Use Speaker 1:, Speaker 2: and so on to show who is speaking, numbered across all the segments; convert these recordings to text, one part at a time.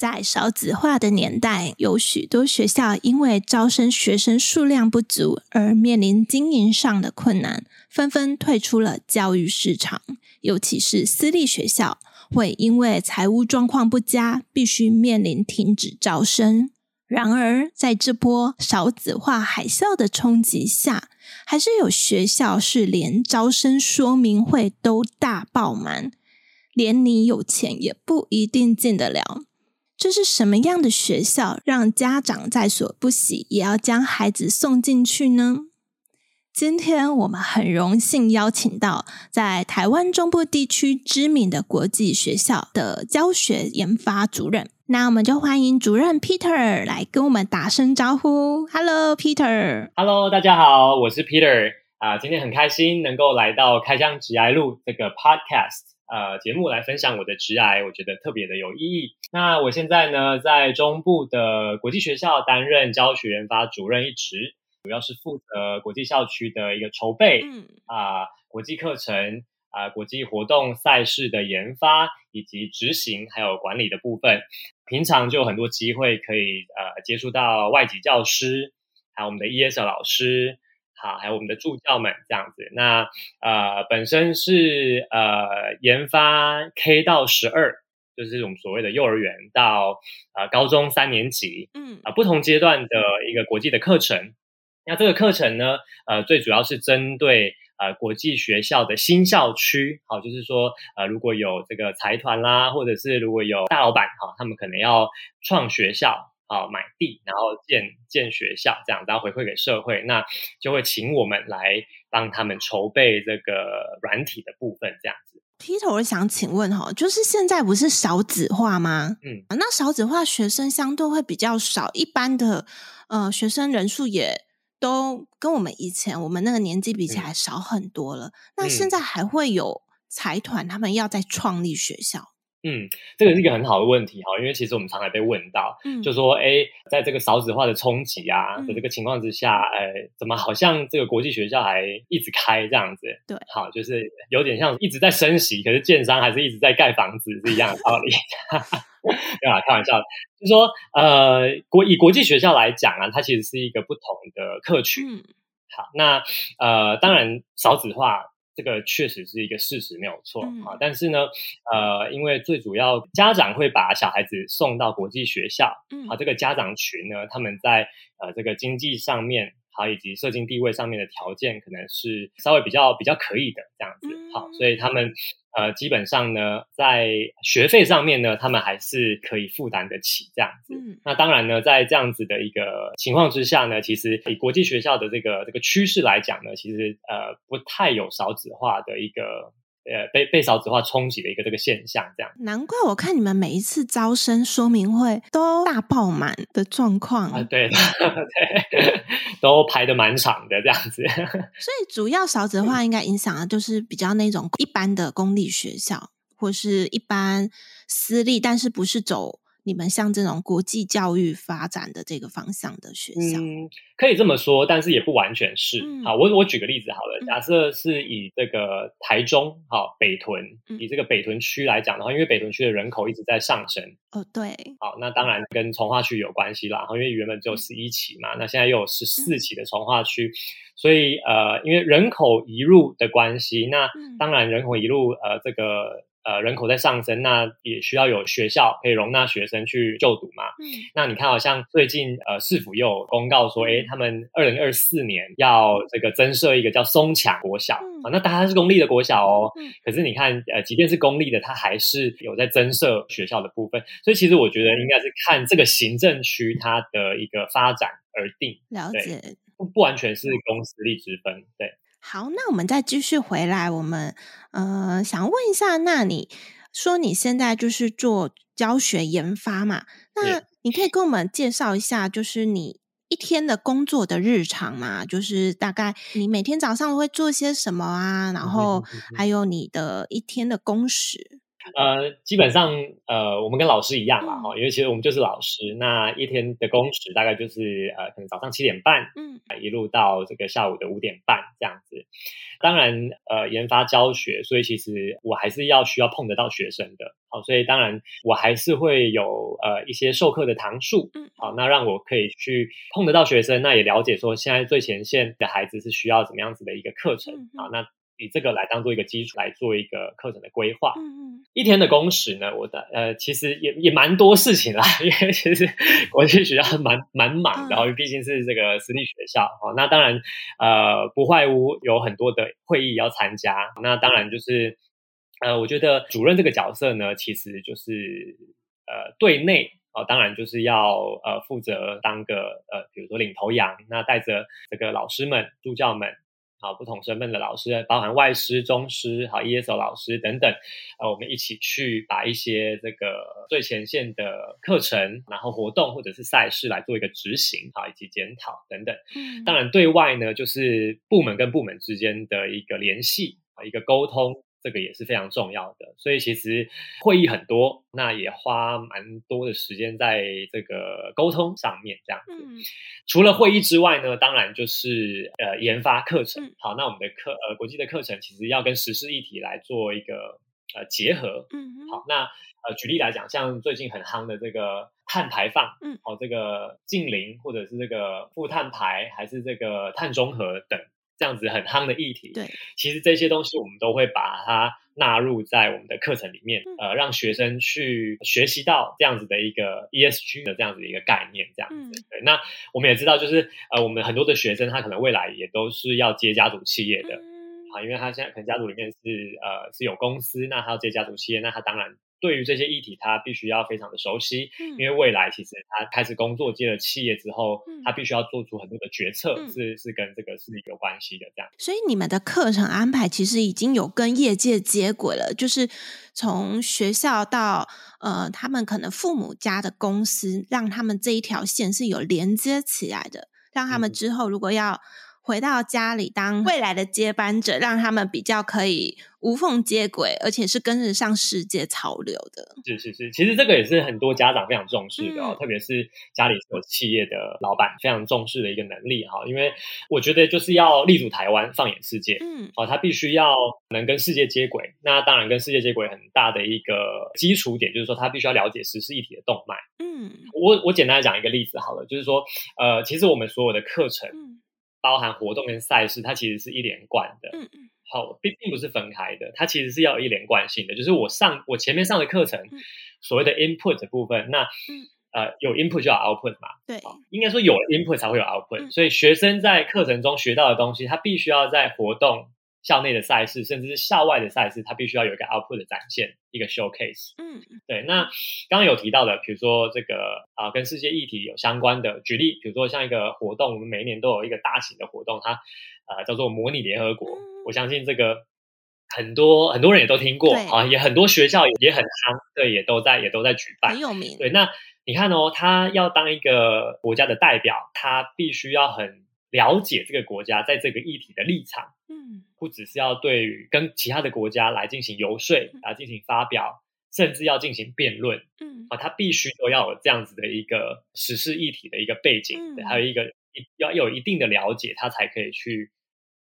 Speaker 1: 在少子化的年代，有許多學校因為招生學生數量不足而面臨經營上的困難，紛紛退出了教育市場。尤其是私立學校，會因為財務狀況不佳，必須面臨停止招生。然而，在這波少子化海嘯的衝擊下，還是有學校是連招生說明會都大爆滿，連你有錢也不一定進得了。這是什麼樣的學校，讓家長在所不惜也要將孩子送進去呢？今天我們很榮幸邀請到在台灣中部地區知名的國際學校的教學研發主任，那我們就歡迎主任 Peter 來跟我們打聲招呼。Hello，Peter。
Speaker 2: Hello，大家好，我是 Peter 啊，呃，今天很開心能夠來到「開箱職涯路」這個 Podcast。呃，節目來分享我的職涯，我覺得特別的有意義。那我現在呢，在中部的國際學校擔任教學研發主任一職，主要是負責國際校區的一個籌備，啊、呃，國際課程啊、呃，國際活動賽事的研發以及執行還有管理的部分。平常就有很多機會可以呃接觸到外籍教師，還有我們的 ESL 老師。好，還有我們的助教們這樣子。那呃，本身是呃研發 K 到十二，就是這種所謂的幼兒園到呃高中三年級，嗯、呃、啊，不同階段的一個國際的課程。那這個課程呢，呃，最主要是針對呃國際學校的新校區，好、哦，就是說呃如果有這個財團啦，或者是如果有大老闆哈、哦，他們可能要創學校。啊、哦，買地，然後建建學校這樣子，然後回饋給社會，那就會請我們來幫他們籌備這個軟體的部分，這樣子。
Speaker 1: Peter，我想請問哈，就是現在不是少子化嗎？嗯，那少子化學生相對會比較少，一般的呃學生人數也都跟我們以前我們那個年紀比起來少很多了。嗯、那現在還會有財團他們要再創立學校？
Speaker 2: 嗯，這個是一個很好的問題哈，嗯、因為其實我們常常被問到，嗯、就說哎，在這個少子化的衝擊啊、嗯、的這個情況之下，哎，怎麼好像這個國際學校還一直開這樣子？對，好，就是有點像一直在升息，可是建商還是一直在蓋房子是一樣的道理。哈哈，對吧，開玩笑，就說呃，國以國際學校來講啊，它其實是一個不同的客群。嗯、好，那呃，當然少子化。這個確實是一個事實，沒有錯、嗯、啊。但是呢，呃，因為最主要家長會把小孩子送到國際學校，嗯、啊，這個家長群呢，他們在呃這個經濟上面。好，以及社經地位上面的條件可能是稍微比較比較可以的這樣子。好，嗯、所以他們呃，基本上呢，在學費上面呢，他們還是可以負擔得起這樣子。嗯、那當然呢，在這樣子的一個情況之下呢，其實以國際學校的這個這個趨勢來講呢，其實呃，不太有少子化的一個。呃，被被少子化衝擊的一個這個現象，這樣
Speaker 1: 難怪我看你們每一次招生說明會都大爆滿的狀況。啊，
Speaker 2: 對的， 都排得蠻長的這樣子。
Speaker 1: 所以主要少子化應該影響的就是比較那種一般的公立學校，或是一般私立，但是不是走，你們像這種國際教育發展的這個方向的學校，嗯、
Speaker 2: 可以這麼說，嗯、但是也不完全是啊、嗯。我我舉個例子好了，嗯、假設是以這個台中北屯，嗯、以這個北屯區來講的話，因為北屯區的人口一直在上升，哦對，好，那當然跟重劃區有關係啦。然後因為原本只有十一期嘛，那現在又有十四期的重劃區，嗯、所以呃，因為人口移入的關係，那當然人口移入呃這個。呃，人口在上升，那也需要有學校可以容納學生去就讀嘛。嗯，那你看，好像最近呃，市府又有公告說，誒他們二零二四年要這個增設一個叫松強國小。嗯。啊，那當然是公立的國小哦。嗯。可是你看，呃，即便是公立的，它還是有在增設學校的部分。所以，其實我覺得應該是看這個行政區它的一個發展而定。了解。對，不不完全是公私立之分，對。
Speaker 1: 好，那我們再繼續回來。我們呃，想問一下，那你說你現在就是做教學研發嘛？那你可以跟我們介紹一下，就是你一天的工作的日常嘛？就是大概你每天早上會做些什麼啊？然後還有你的一天的工時。
Speaker 2: 呃，基本上呃，我們跟老師一樣嘛，哈、嗯，因為其實我們就是老師，那一天的工時大概就是呃，可能早上七點半，嗯，一路到這個下午的五點半這樣子。當然，呃，研發教學，所以其實我還是要需要碰得到學生的，好、哦，所以當然我還是會有呃一些授課的堂數，好、哦，那讓我可以去碰得到學生，那也了解說現在最前線的孩子是需要怎麼樣子的一個課程啊、嗯哦，那。以這個來當做一個基礎來做一個課程的規劃。嗯嗯，一天的工時呢，我的呃，其實也也蠻多事情啦，因為其實國際學校蠻、嗯、蠻忙的，然後畢竟是這個私立學校哦，那當然呃，不外乎有很多的會議要參加。那當然就是呃，我覺得主任這個角色呢，其實就是呃，對內哦，當然就是要呃，負責當個呃，比如說領頭羊，那帶着這個老師們、助教們。好，不同身份的老師，包含外師、中師、好 ESO 老師等等，呃、啊，我們一起去把一些這個最前線的課程，然後活動或者是賽事來做一個執行，好，以及檢討等等。當然對外呢，就是部門跟部門之間的一個聯繫，一個溝通。這個也是非常重要的，所以其實會議很多，那也花蠻多的時間在這個溝通上面，這樣子。除了會議之外呢，當然就是呃研發課程。好，那我們的課呃國際的課程其實要跟時事議題來做一個呃結合。嗯好，那呃舉例來講，像最近很夯的這個碳排放，好，這個淨零或者是這個負碳排，還是這個碳中和等。這樣子很夯的議題，對，其實這些東西我們都會把它納入在我們的課程裡面，嗯、呃，讓學生去學習到這樣子的一個 ESG 的這樣子的一個概念，這樣子、嗯對。那我們也知道，就是呃，我們很多的學生他可能未來也都是要接家族企業的，嗯、好，因為他現在可能家族裡面是呃是有公司，那他要接家族企業，那他當然。對於這些議題，他必須要非常的熟悉，嗯、因為未來其實他開始工作接了企業之後，嗯、他必須要做出很多的決策，嗯、是是跟這個是有關係的。這樣，
Speaker 1: 所以你們的課程安排其實已經有跟業界接軌了，就是從學校到呃，他們可能父母家的公司，讓他們這一條線是有連接起來的，讓他們之後如果要。回到家裡，當未來的接班者，讓他們比較可以無縫接軌，而且是跟得上世界潮流的。
Speaker 2: 是是是，其實這個也是很多家長非常重視的，嗯、特別是家裡有企業的老闆非常重視的一個能力哈。因為我覺得就是要立足台灣，放眼世界。嗯，好，他必須要能跟世界接軌。那當然，跟世界接軌很大的一個基礎點，就是說他必須要了解時事一體的動脈。嗯，我我簡單講一個例子好了，就是說，呃，其實我們所有的課程。嗯包含活動跟賽事，它其實是一連貫的，好、嗯，並、哦、並不是分開的，它其實是要一連貫性的。就是我上我前面上的課程，嗯、所謂的 input 的部分，那、嗯、呃有 input 就有 output 嘛，對，應該說有 input 才會有 output，嗯、所以學生在課程中學到的東西，他必須要在活動。校內的賽事，甚至是校外的賽事，它必須要有一個 output 的展現，一個 showcase。嗯，對。那剛剛有提到的，比如說這個啊、呃，跟世界議題有相關的舉例，比如說像一個活動，我們每一年都有一個大型的活動，它呃叫做模擬聯合國。嗯，我相信這個很多很多人也都聽過對啊，也很多學校也，嗯，也很夯，對，也都在也都在舉辦。很有名。對，那你看哦，他要當一個國家的代表，他必須要很。了解這個國家在這個議題的立場，嗯，不只是要對於跟其他的國家來進行遊說，啊、嗯，進行發表，甚至要進行辯論，嗯，啊，他必須都要有這樣子的一個時事議題的一個背景，嗯、對，還有一個要有一定的了解，他才可以去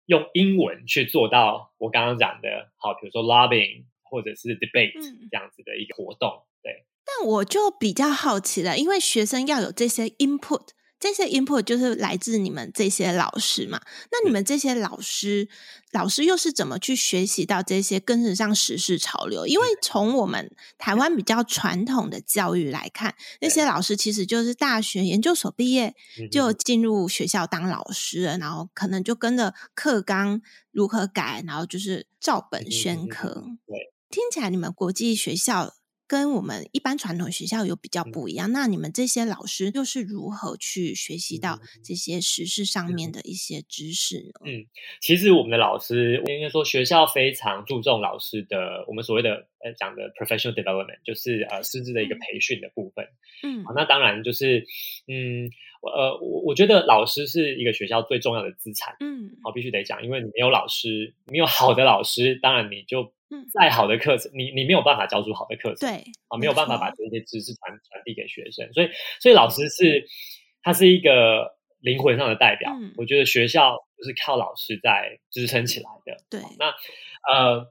Speaker 2: 用英文去做到我剛剛講的，好，比如說 lobbying 或者是 debate 這樣子的一個活動，嗯、對。
Speaker 1: 但我就比較好奇了，因為學生要有這些 input。這些 input 就是來自你們這些老師嘛？那你們這些老師，老師又是怎麼去學習到這些跟得上時事潮流？因為從我們台灣比較傳統的教育來看，那些老師其實就是大學研究所畢業就進入學校當老師了，嗯、哼然後可能就跟着課綱如何改，然後就是照本宣科。嗯嗯嗯、對，聽起來你們國際學校。跟我們一般傳統學校有比較不一樣，嗯、那你們這些老師又是如何去學習到這些時事上面的一些知識、呢？嗯，
Speaker 2: 其實我們的老師應該說學校非常注重老師的，我們所謂的呃講的 professional development，就是呃師資的一個培訓的部分。嗯，好，那當然就是嗯，我呃，我我覺得老師是一個學校最重要的資產。嗯，好，必須得講，因為你沒有老師，沒有好的老師，嗯、當然你就。嗯，再好的課程，你你沒有辦法教出好的課程，
Speaker 3: 對啊，沒有辦法把
Speaker 2: 這些知識傳傳遞給學生，所以所以老師是，嗯、他是一個靈魂上的代表，嗯、我覺得學校就是靠老師在支撐起來的。對，那呃，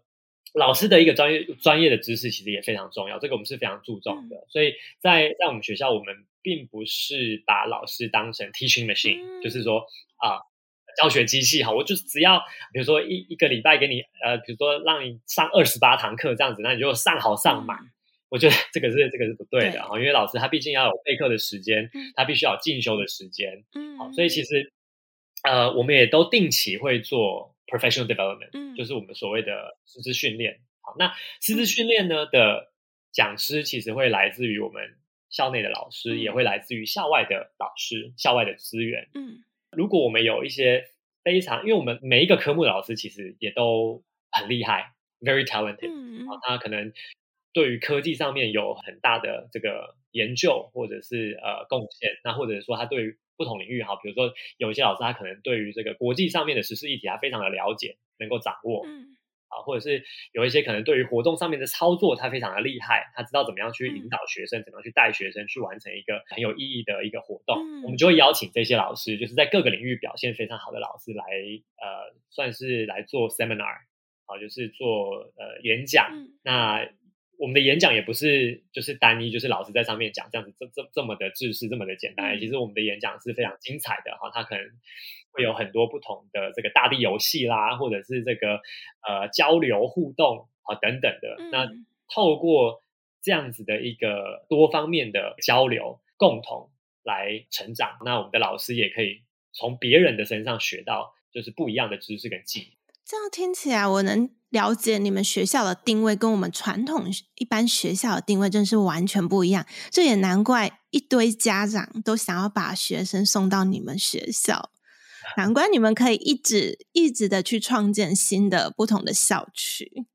Speaker 2: 老師的一個專業專業的知識其實也非常重要，這個我們是非常注重的，嗯、所以在在我們學校，我們並不是把老師當成 teaching machine，嗯、就是說啊。呃教學機器哈，我就只要比如說一一個禮拜給你呃，比如說讓你上二十八堂課這樣子，那你就上好上滿。嗯、我覺得這個是這個是不對的啊，對因為老師他畢竟要有備課的時間，嗯、他必須要進修的時間，嗯，好，所以其實呃，我們也都定期會做 professional development，嗯，就是我們所謂的師資訓練。好，那師資訓練呢、嗯、的講師其實會來自於我們校內的老師，嗯、也會來自於校外的老師，校外的資源，嗯。如果我們有一些非常，因為我們每一個科目的老師其實也都很厲害，very talented，嗯。他可能對於科技上面有很大的這個研究，或者是呃貢獻。那或者說他對於不同領域，哈，比如說有一些老師，他可能對於這個國際上面的時事議題，他非常的了解，能夠掌握。嗯啊，或者是有一些可能對於活動上面的操作，他非常的厲害，他知道怎麼樣去引導學生，嗯、怎麼樣去帶學生去完成一個很有意義的一個活動。嗯、我們就會邀請這些老師，就是在各個領域表現非常好的老師來，呃，算是來做 seminar，好，就是做呃演講。嗯、那我們的演講也不是就是單一，就是老師在上面講這樣子，這這這麼的制式這麼的簡單。其實我們的演講是非常精彩的哈、啊，他可能會有很多不同的這個大地遊戲啦，或者是這個呃交流互動啊等等的。嗯、那透過這樣子的一個多方面的交流，共同來成長。那我們的老師也可以從別人的身上學到，就是不一樣的知識跟技藝。
Speaker 1: 這樣聽起來，我能了解你們學校的定位跟我們傳統一般學校的定位真是完全不一樣。這也難怪一堆家長都想要把學生送到你們學校，難怪你們可以一直一直的去創建新的不同的校區。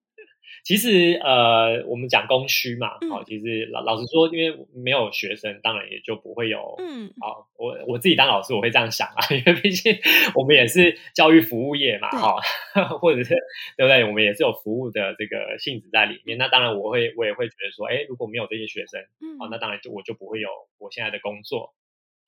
Speaker 2: 其實，呃，我們講供需嘛，好、哦，其實老老實說，因為沒有學生，當然也就不會有，嗯，好，我我自己當老師，我會這樣想啊，因為畢竟我們也是教育服務業嘛，哈、哦，對或者是，對不對？我們也是有服務的這個性質在裡面。那當然，我會我也會覺得說，哎，如果沒有這些學生，嗯，哦，那當然就我就不會有我現在的工作，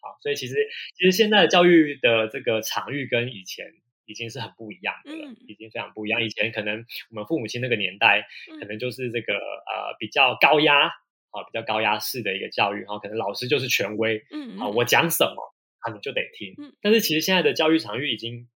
Speaker 2: 好、哦，所以其實其實現在的教育的這個場域跟以前。已經是很不一樣的了，已經非常不一樣。以前可能我們父母親那個年代，可能就是這個呃比較高壓啊，比較高壓式的一個教育，然後可能老師就是權威，啊我講什麼，他們就得聽。但是其實現在的教育場域已經。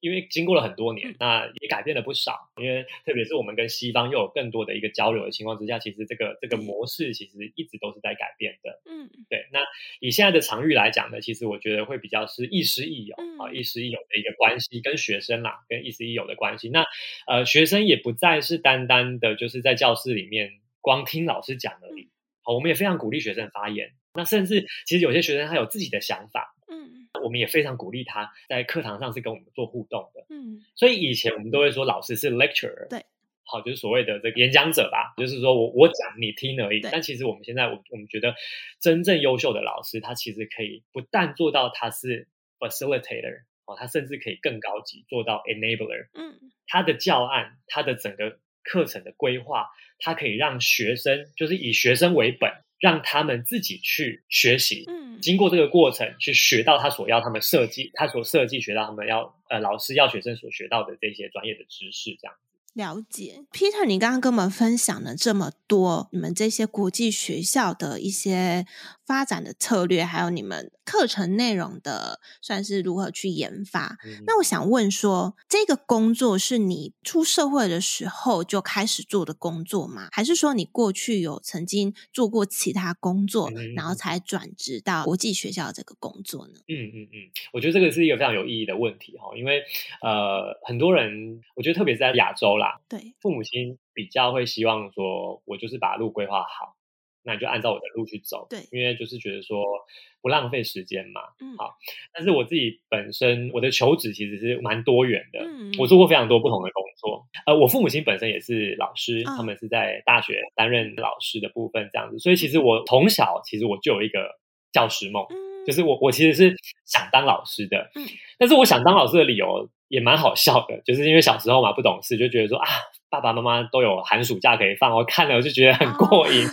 Speaker 2: 因為經過了很多年，那也改變了不少。嗯、因為特別是我們跟西方又有更多的一個交流的情況之下，其實這個這個模式其實一直都是在改變的。嗯，對。那以現在的場域來講呢，其實我覺得會比較是亦師亦友啊，亦師亦友的一個關係，跟學生啦，跟亦師亦友的關係。那呃，學生也不再是單單的就是在教室裡面光聽老師講而已。好、嗯，我們也非常鼓勵學生發言。那甚至其實有些學生他有自己的想法。我們也非常鼓勵他在課堂上是跟我們做互動的，嗯，所以以前我們都會說老師是 lecturer，對，好，就是所謂的這個演講者吧，就是說我我講你聽而已。但其實我們現在，我我們覺得真正優秀的老師，他其實可以不但做到他是 facilitator，哦，他甚至可以更高級做到 enabler，他的教案，他的整個課程的規劃，他可以讓學生就是以學生為本，讓他們自己去學習，嗯。經過這個過程，去學到他所要，他們設計，他所設計，學到他們要，呃，老師要學生所學到的這些專業的知識，這樣。
Speaker 1: 了解，Peter，你剛剛跟我們分享了這麼多你們這些國際學校的一些發展的策略，還有你們課程內容的算是如何去研發。嗯、那我想問說，這個工作是你出社會的時候就開始做的工作嗎？還是說你過去有曾經做過其他工作，嗯嗯嗯，然後才轉職到國際學校這個工作呢？嗯
Speaker 2: 嗯嗯，我覺得這個是一個非常有意義的問題哈，因為呃，很多人我覺得特別是在亞洲啦。對，父母親比較會希望說，我就是把路規劃好，那你就按照我的路去走。對，因為就是覺得說不浪費時間嘛。嗯，好。但是我自己本身我的求職其實是蠻多元的，嗯、我做過非常多不同的工作。呃、嗯，而我父母親本身也是老師，哦、他們是在大學擔任老師的部分這樣子，所以其實我從小其實我就有一個教師夢。嗯就是我，我其實是想當老師的，但是我想當老師的理由也蠻好笑的，就是因為小時候嘛不懂事，就覺得說啊爸爸媽媽都有寒暑假可以放，我看了我就覺得很過癮，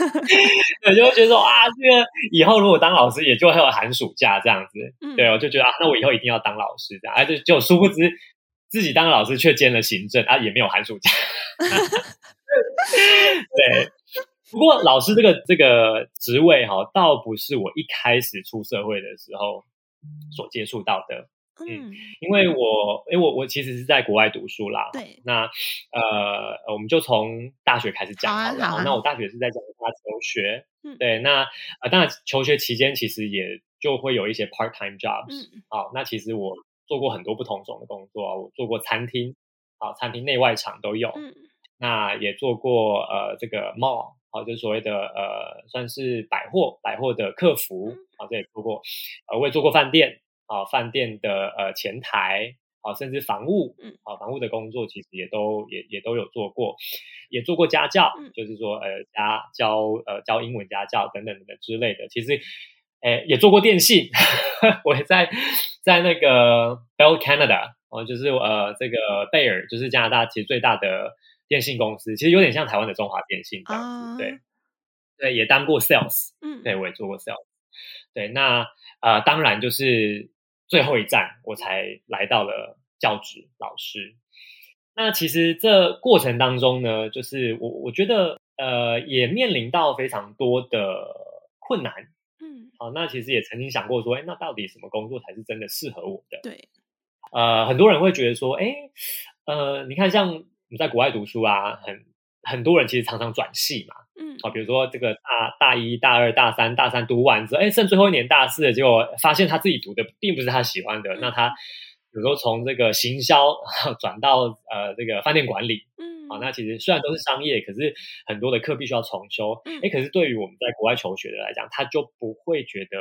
Speaker 2: 我、oh. 就覺得說啊這個以後如果當老師也就會有寒暑假這樣子，對我就覺得啊那我以後一定要當老師這樣，啊，就殊不知自己當老師卻兼了行政啊也沒有寒暑假，oh. 對。不過老師這個這個職位哈，倒不是我一開始出社會的時候所接觸到的，嗯，
Speaker 3: 嗯，
Speaker 2: 因為我因為我我其實是在國外讀書啦，對，那呃，我們就從大學開始講好了。那我大學是在加拿大求學，嗯、對，那呃當然求學期間其實也就會有一些 part time jobs、嗯哦、那其實我做過很多不同種的工作啊，我做過餐廳、哦、餐廳內外場都有，嗯、那也做過呃這個 mall。好，就是所謂的呃，算是百貨百貨的客服好、嗯啊、這也做過。呃，我也做過飯店啊，飯店的呃前台好、啊、甚至房屋，嗯，啊，房屋的工作其實也都也也都有做過，也做過家教，嗯、就是說呃，家教呃教英文家教等等等之類的。其實，哎、呃，也做過電信，呵呵我也在在那個 Bell Canada，哦、啊，就是呃，這個貝爾就是加拿大其實最大的。電信公司其實有點像台灣的中華電信這樣子，對、uh、對，也當過 sales，嗯，對，我也做過 sales，對，那呃，當然就是最後一站，我才來到了教職老師。那其實這過程當中呢，就是我我覺得呃，也面臨到非常多的困難，嗯，好、啊，那其實也曾經想過說、欸，那到底什麼工作才是真的適合我的？
Speaker 1: 對，
Speaker 2: 呃，很多人會覺得說，哎、欸，呃，你看像。我在國外讀書啊，很很多人其實常常轉系嘛，嗯，好，比如說，這個大大一大二大三大三讀完之後，哎，剩最後一年大四的，結果發現他自己讀的並不是他喜歡的，嗯、那他有時候從這個行銷轉到呃這個飯店管理，嗯、好、啊，那其實雖然都是商業，可是很多的課必須要重修，哎、嗯，可是對於我們在國外求學的來講，他就不會覺得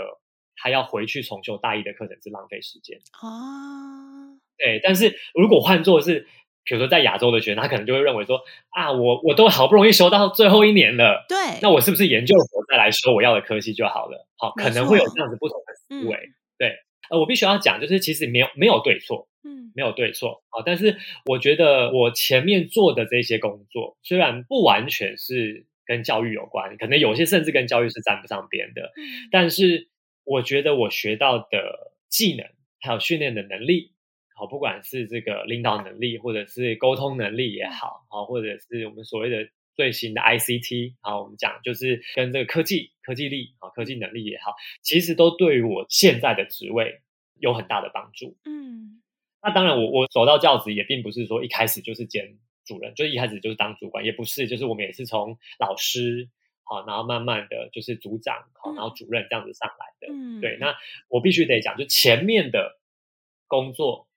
Speaker 2: 他要回去重修大一的課程是浪費時間啊，哦、對，但是如果換作是比如說，在亞洲的學生，他可能就會認為說啊，我我都好不容易修到最後一年了，對，那我是不是研究了我再來收我要的科系就好了？好，可能會有這樣
Speaker 3: 子不同的思維。
Speaker 2: 嗯、對，呃，我必須要講，就是其實沒有沒有對錯，嗯，沒有對錯。好，但是我覺得我前面做的這些工作，雖然不完全是跟教育有關，可能有些甚至跟教育是沾不上邊的，嗯、但是我覺得我學到的技能還有訓練的能力。好，不管是這個領導能力，或者是溝通能力也好，好，或者是我們所謂的最新的 ICT，好，我們講就是跟這個科技科技力，好，科技能力也好，其實都對於我現在的職位有很大的幫助。
Speaker 3: 嗯，
Speaker 2: 那當然我，我我走到教職也並不是說一開始就是兼主任，就一開始就是當主管，也不是，就是我們也是從老師好，然後慢慢的就是組長好，嗯、然後主任這樣子上來的。嗯，對，那我必須得講，就前面的工作。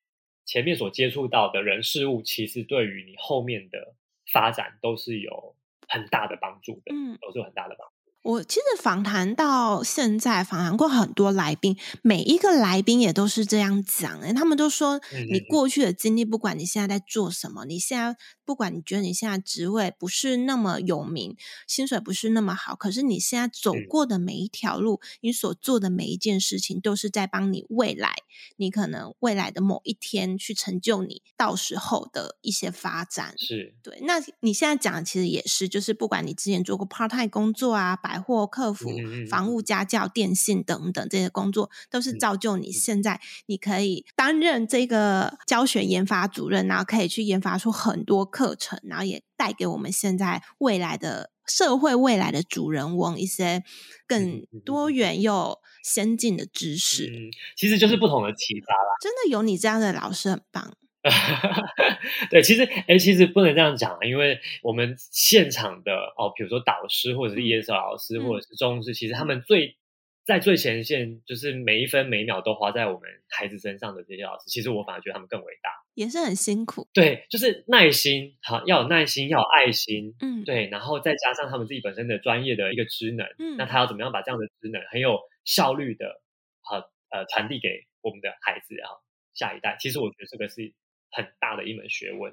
Speaker 2: 前面所接觸到的人事物，其實對於你後面的發展都是有很大的幫助的。嗯，都是有很大的幫助。
Speaker 1: 我其實訪談到現在，訪談過很多來賓，每一個來賓也都是這樣講，哎，他們都說，你過去的經歷，不管你現在在做什麼，嗯，你現在不管你覺得你現在職位不是那麼有名，薪水不是那麼好，可是你現在走過的每一條路，嗯，你所做的每一件事情，都是在幫你未來。你可能未來的某一天去成就你到時候的一些發展，是。對，那你現在講的其實也是，就是不管你之前做過 part time 工作啊、百貨客服、嗯嗯房屋家教、電信等等這些工作，都是造就你、嗯、現在你可以擔任這個教學研發主任，然後可以去研發出很多課程，然後也帶給我們現在未來的社會未來的主人翁一些更多元又。先進的知識，嗯，
Speaker 2: 其實就是不同的啟發啦、嗯。
Speaker 1: 真的有你這樣的老師，很棒。
Speaker 2: 對，其實，哎，其實不能這樣講啊，因為我們現場的哦，比如說導師，或者是 ESL 老師，或者是中師，嗯、其實他們最在最前線，就是每一分每一秒都花在我們孩子身上的這些老師，其實我反而覺得他們更偉大。
Speaker 1: 也是很辛苦，對，
Speaker 2: 就是耐心，好，要有耐心，要有愛心，嗯，對，然後再加上他們自己本身的專業的一個知能，嗯，那他要怎麼樣把這樣的知能很有效率的，很呃，呃傳遞給我們的孩子啊，下一代，其實我覺得這個是很大的一門學問。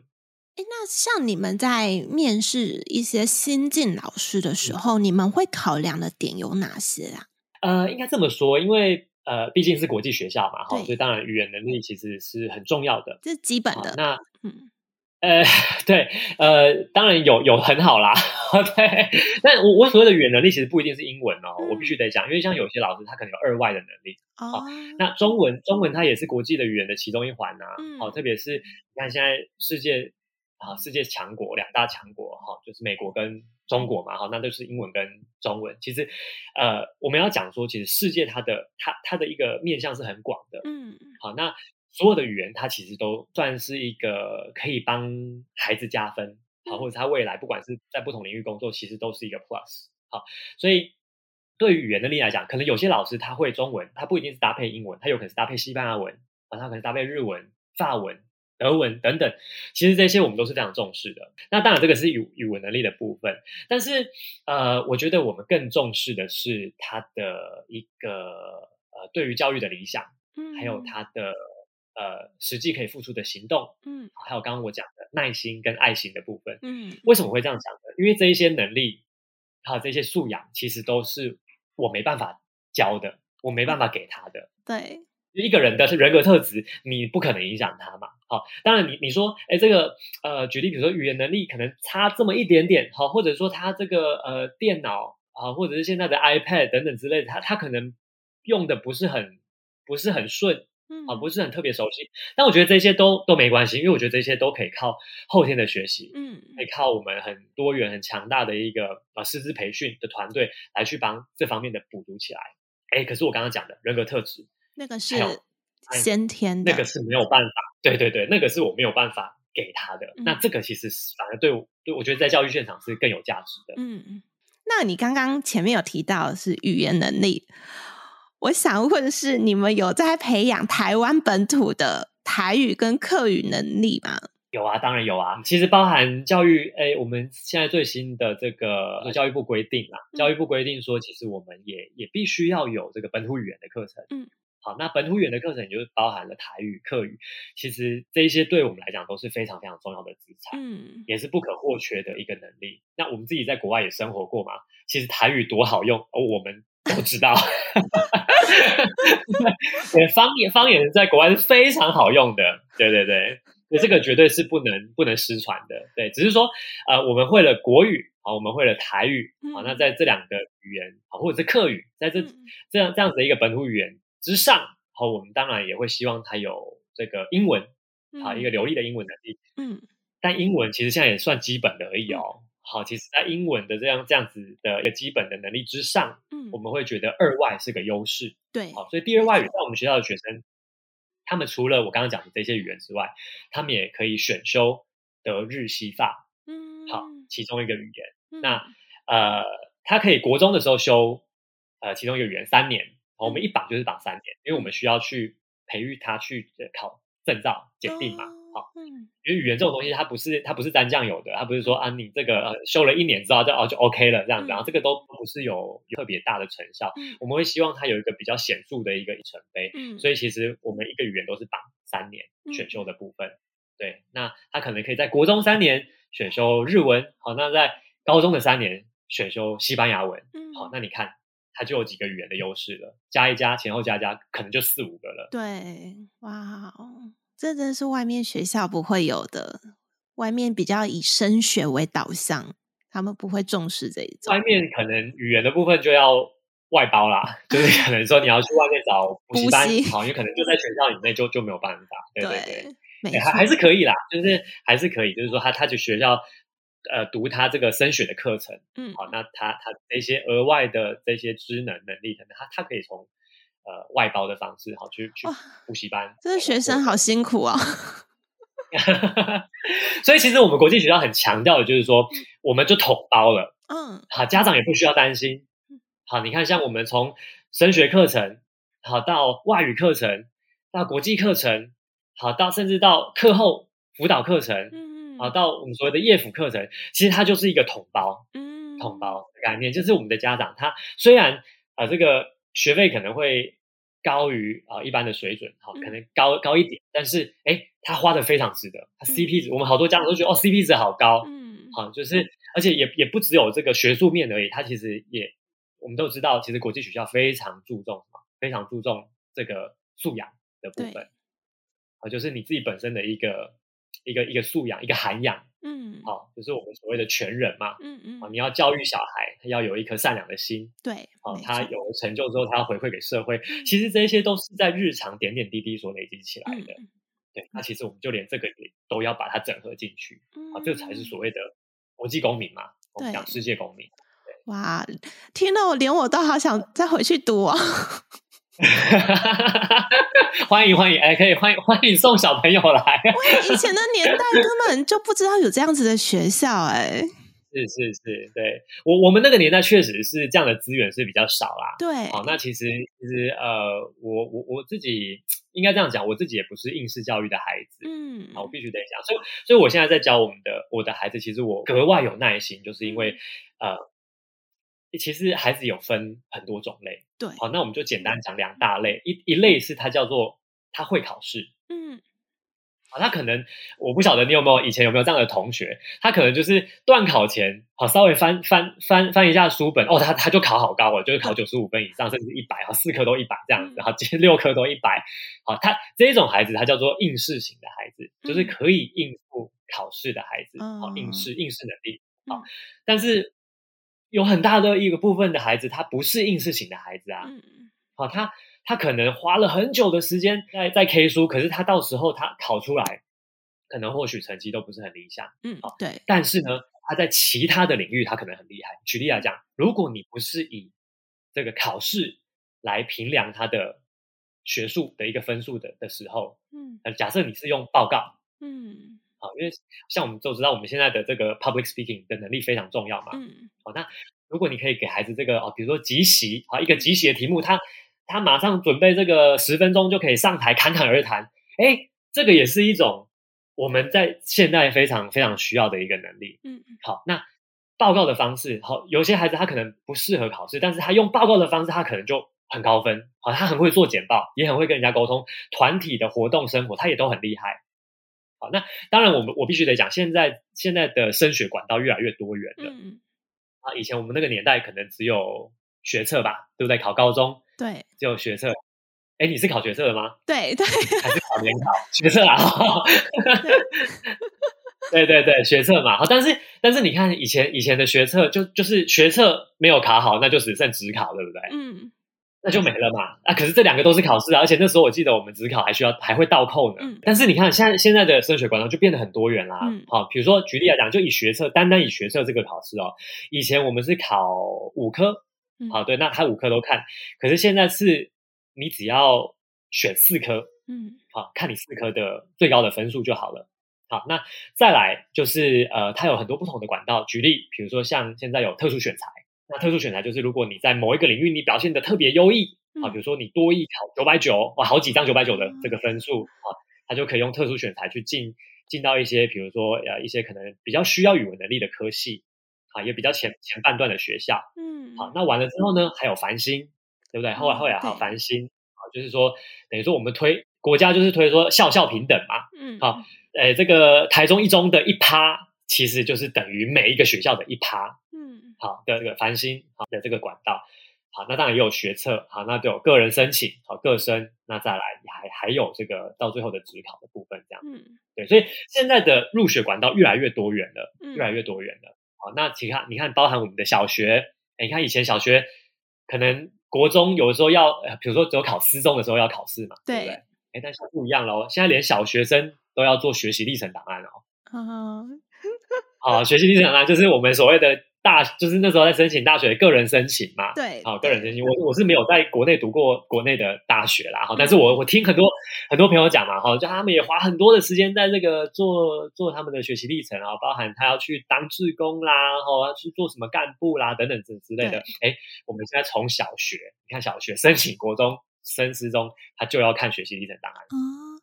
Speaker 1: 哎，那像你們在面試一些新進老師的時候，嗯、你們會考量的點有哪些啊？
Speaker 2: 呃，應該這麼說，因為。呃，畢竟是國際學校嘛，哈對、哦，所以當然語言能力其實是很重要的，這是基本的。哦、那，嗯、呃，對，呃，當然有有很好啦， 對。但我我所謂的語言能力其實不一定是英文哦，嗯、我必須得講，因為像有些老師他可能有二外的能力哦，哦。那中文中文它也是國際的語言的其中一環吶、啊，好、嗯哦，特別是你看現在世界。啊，世界強國兩大強國哈，就是美國跟中國嘛哈，那都是英文跟中文。其實，呃，我們要講說，其實世界它的它的它的一個面向是很廣的，嗯嗯。好，那所有的語言它其實都算是一個可以幫孩子加分，好，或者他未來不管是在不同領域工作，其實都是一個 plus。好，所以對於語言能力來講，可能有些老師他會中文，他不一定是搭配英文，他有可能是搭配西班牙文啊，他可能搭配日文、法文。德文等等，其實這些我們都是非常重視的。那當然，這個是語語文能力的部分。但是，呃，我覺得我們更重視的是他的一個呃，對於教育的理想，
Speaker 3: 嗯，還有他
Speaker 2: 的呃，實際可以付出的行動，嗯，還有剛剛我講的耐心跟愛心的部分，嗯，為什麼會這樣講呢？因為這一些能力，還有這些素養，其實都是我沒辦法教的，我沒辦法給他的。嗯。對，一個人的是人格特質，你不可能影響他嘛。好，當然你你說，哎，這個呃，舉例比如說語言能力可能差這麼一點點，好、哦，或者說他這個呃電腦啊、哦，或者是現在的 iPad 等等之類的，他他可能用的不是很不是很順，啊、嗯哦，不是很特別熟悉。但我覺得這些都都沒關係，因為我覺得這些都可以靠後天的學習，嗯，可以靠我們很多元、很強大的一個啊師資培訓的團隊來去幫這方面的補足起來。哎，可是我剛剛講的人格特質，
Speaker 1: 那個是。先天的，哎，那個
Speaker 2: 是沒有辦法，對對對，那個是我沒有辦法給他的。嗯，那這個其實是反而對我對我覺得在教育現場是更有價值的。
Speaker 1: 嗯，那你剛剛前面有提到是語言能力，我想問是你們有在培養台灣本土的台語跟客語能力嗎？
Speaker 2: 有啊，當然有啊。其實包含教育，哎，我們現在最新的這個教育部規定啊，嗯，教育部規定說，其實我們也也必須要有這個本土語言的課程。嗯。好，那本土語言的課程就包含了台語、客語，其實這一些對我們來講都是非常非常重要的資產，嗯，也是不可或缺的一個能力。那我們自己在國外也生活過嘛，其實台語多好用，而、哦、我們都知道， 方言方言在國外是非常好用的，對對對，所以這個絕對是不能不能失傳的。對，只是說呃，我們會了國語啊，我們會了台語啊，那在這兩個語言啊、哦，或者是客語，在這、嗯、這樣這樣子的一個本土語言。之上，好，我們當然也會希望他有這個英文，
Speaker 3: 好，一個流利
Speaker 2: 的英文能力。嗯，但英文其實現在也算基本的而已哦。好，其實在英文的這樣這樣子的一個基本的能力之上，嗯，我們會覺得二外是個優勢。對，好，所以第二外語在我們學校的學生，他們除了我剛剛講的這些語言之外，他們也可以選修德日西法，嗯，好，其中一個語言。嗯、那呃，他可以國中的時候修，呃，其中一個語言三年。嗯、我們一綁就是綁三年，因為我們需要去培育他去考證照、檢定嘛。好，因為語言這種東西它，它不是它不是沾醬油的，它不是說啊，你這個呃修了一年之後就哦就 OK 了這樣子，嗯、然後這個都不是有，有特別大的成效。嗯、我們會希望他有一個比較顯著的一個里程碑。嗯，所以其實我們一個語言都是綁三年選修的部分。嗯、對，那他可能可以在國中三年選修日文，好，那在高中的三年選修西班牙文，好，那你看。他就有幾個語言的優勢了，加一加前後加一加，可能就四五個了。
Speaker 1: 對，哇哦，這真的是外面學校不會有的。外面比較以升學為導向，他們不會重視這一種。
Speaker 2: 外面可能語言的部分就要外包啦，就是可能說你要去外面找補習班息，好，因為可能就在學校以內就就沒有辦法。對，對對對，錯欸、還還是可以啦，就是還是可以，就是說他他去學校。呃，讀他這個升學的課程，嗯，好，那他他那些額外的這些知能能力等等，他他可以從呃外包的方式，好去去補習班。哇嗯、
Speaker 1: 這個學生好辛苦啊，哦！
Speaker 2: 所以其實我們國際學校很強調的就是說，嗯、我們就統包了，嗯，好，家長也不需要擔心。好，你看，像我們從升學課程，好到外語課程，到國際課程，好到甚至到課後輔導課程，嗯。啊，到我們所謂的夜輔課程，其實它就是一個統包，嗯，統包概念，就是我們的家長他雖然啊、呃，這個學費可能會高於啊、呃、一般的水準，好、哦，可能高高一點，但是哎，他花得非常值得，他 C P 值，嗯、我們好多家長都覺得哦，C P 值好高，嗯，好、啊，就是而且也也不只有這個學術面而已，它其實也我們都知道，其實國際學校非常注重什麼，非常注重這個素養的部分，對啊，就是你自己本身的一個。一個一個素養，一個涵養，嗯，好，就是我們所謂的全人嘛，
Speaker 1: 嗯嗯，
Speaker 2: 你要教育小孩，他要有一顆善良的心，對，啊，他有了成就之後，他要回饋給社會，其實這些都是在日常點點滴滴所累積起來的，對，那其實我們就連這個也都要把它整合進去，啊，這才是所謂的國際公民嘛，我們講世界公民，
Speaker 1: 對，哇，聽到我連我都好想再回去讀啊。哈哈哈哈哈！
Speaker 2: 歡迎誒歡迎，哎，可以歡迎歡迎送小朋友來。以前
Speaker 1: 的年代根本就不知道有這樣子的學校，欸，哎。是是是，對，
Speaker 2: 我我們那個年代確實是這樣的資源是比較少啦。對，哦，那其實其實呃，我我我自己應該這樣講，我自己也不是應試教育的孩子，嗯，好，我必須得講，所以所以我現在在教我們的我的孩子，其實我格外有耐心，就是因為呃。其實孩子有分很多種類，對，好，那我們就簡單講兩大類，嗯、一一類是他叫做他會考試，嗯，好，他可能我不曉得你有沒有以前有沒有這樣的同學，他可能就是段考前，好、哦，稍微翻翻翻翻一下書本，哦，他他就考好高了，我就是考九十五分以上，甚至一百，哈，四科都一百這樣子，嗯、然後六科都一百，好，他這種孩子他叫做應試型的孩子，就是可以應付考試的孩子，嗯、好，應試應試能力，嗯、好，但是。有很大的一個部分的孩子，他不是應試型的孩子啊，好、嗯啊，他他可能花了很久的時間在在 K 書，可是他到時候他考出來，可能或許成績都不是很理想，嗯，對、啊，但是呢，他在其他的領域他可能很厲害。舉例來講，如果你不是以這個考試來評量他的學術的一個分數的的時候，嗯，假設你是用報告，嗯。啊，因為像我們就知道，我們現在的這個 public speaking 的能力非常重要嘛。嗯。好，那如果你可以給孩子這個哦，比如說即席啊，一個即席的題目，他他馬上準備這個十分鐘就可以上台侃侃而談。哎，這個也是一種我們在現在非常非常需要的一個能力。嗯。好，那報告的方式，好，有些孩子他可能不適合考試，但是他用報告的方式，他可能就很高分。好，他很會做簡報，也很會跟人家溝通，團體的活動生活，他也都很厲害。好，那當然，我們我必須得講，現在現在的升學管道越來越多元
Speaker 3: 了。
Speaker 2: 嗯、啊，以前我們那個年代可能只有學測吧，對不對？考高中，對，只有學測。哎，你是考學測的嗎？
Speaker 1: 對對，對
Speaker 2: 還是考聯考 學測啊？哦、 對， 對對對，學測嘛。好，但是但是你看，以前以前的學測就就是學測沒有考好，那就只剩指考，對不對？嗯。那就沒了嘛啊！可是這兩個都是考試、啊、而且那時候我記得我們指考還需要還會倒扣呢。嗯、但是你看現在現在的升學管道就變得很多元啦。嗯、好，比如說舉例來講，就以學測，單單以學測這個考試哦，以前我們是考五科，嗯、好對，那它五科都看。可是現在是你只要選四科，
Speaker 3: 嗯，
Speaker 2: 好看你四科的最高的分數就好了。好，那再來就是呃，它有很多不同的管道，舉例比如說像現在有特殊選才。那特殊選才就是，如果你在某一個領域你表現得特別優異啊，嗯、比如說你多益考九百九，好幾張九百九的這個分數啊、嗯哦，他就可以用特殊選才去進進到一些，比如說呃一些可能比較需要語文能力的科系啊、哦，也比較前前半段的學校。嗯，好、哦，那完了之後呢，還有繁星，對不對？嗯、後來後來還有繁星啊，嗯、就是說等於說我們推國家就是推說校校平等嘛。嗯，好、哦，誒、呃，這個台中一中的一趴其實就是等於每一個學校的一趴。好的，這個繁星好的這個管道，好，那當然也有學測，好，那就有個人申請，好，個申，那再來還還有這個到最後的指考的部分，這樣，嗯，對，所以現在的入學管道越來越多元了，嗯、越來越多元了，好，那其他你看，包含我們的小學，誒你看以前小學可能國中有的時候要，比如說只有考私中的時候要考試嘛，
Speaker 3: 對，對，
Speaker 2: 不對，誒但是不一樣了，現在連小學生都要做學習歷程檔案哦，哦 好，學習歷程檔案就是我們所謂的。大就是那時候在申請大學，個人申請嘛。對。好、哦，個人申請，對我我是沒有在國內讀過國內的大學啦。哈，但是我對我聽很多很多朋友講嘛，哈、哦，就他們也花很多的時間在這個做做他們的學習歷程啊、哦，包含他要去當志工啦，哈、哦，要去做什麼幹部啦，等等之之類的。誒對、欸、我們現在從小學，你看小學申請國中、升私中，他就要看學習歷程檔案。哦，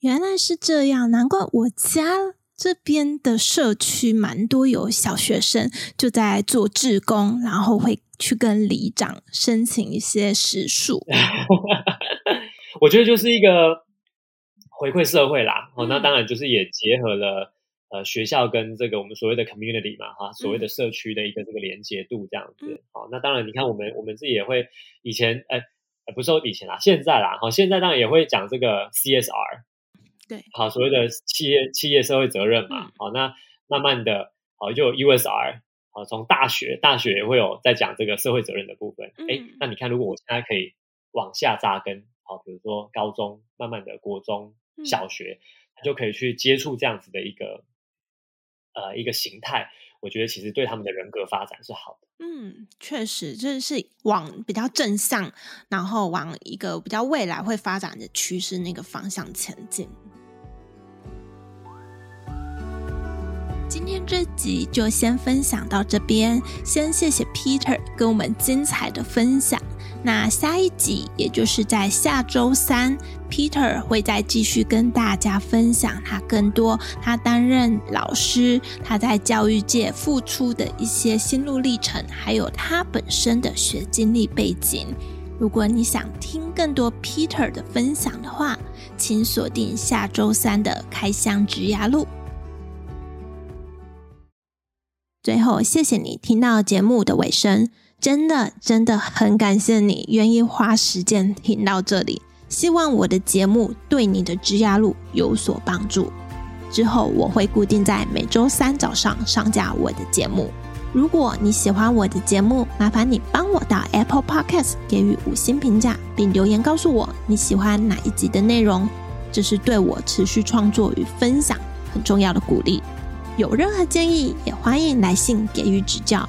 Speaker 1: 原來是這樣，難怪我家。這邊的社區蠻多有小學生就在做志工，然後會去跟里長申請一些時數。
Speaker 2: 我覺得就是一個回饋社會啦。嗯、哦，那當然就是也結合了呃學校跟這個我們所謂的 community 嘛，哈，所謂的社區的一個這個連接度這樣子。嗯、哦，那當然你看我們我們自己也會以前呃，呃不是說以前啦，現在啦，好、哦，現在當然也會講這個 CSR。對，好所謂的企業企業社會責任嘛，嗯、好那慢慢的，好就有 USR，好從大學大學也會有在講這個社會責任的部分，哎、嗯，那你看如果我現在可以往下扎根，好比如說高中，慢慢的國中小學，嗯、就可以去接觸這樣子的一個，呃一個形態。我覺得其實對他們的人格發展
Speaker 1: 是好的。嗯，確實，這、就是往比較正向，然後往一個比較未來會發展的趨勢那個方向前進。今天這集就先分享到這邊，先謝謝 Peter 跟我們精彩的分享。那下一集，也就是在下週三，Peter 會再繼續跟大家分享他更多他擔任老師他在教育界付出的一些心路歷程，還有他本身的學經歷背景。如果你想聽更多 Peter 的分享的話，請鎖定下週三的開箱職涯錄。最後，謝謝你聽到節目的尾聲。真的真的很感謝你願意花時間聽到這裡，希望我的節目對你的職涯路有所幫助。之後我會固定在每周三早上上架我的節目。如果你喜歡我的節目，麻煩你幫我到 Apple Podcast 給予五星評價，並留言告訴我你喜歡哪一集的內容，這是對我持續創作與分享很重要的鼓勵。有任何建議，也歡迎來信給予指教。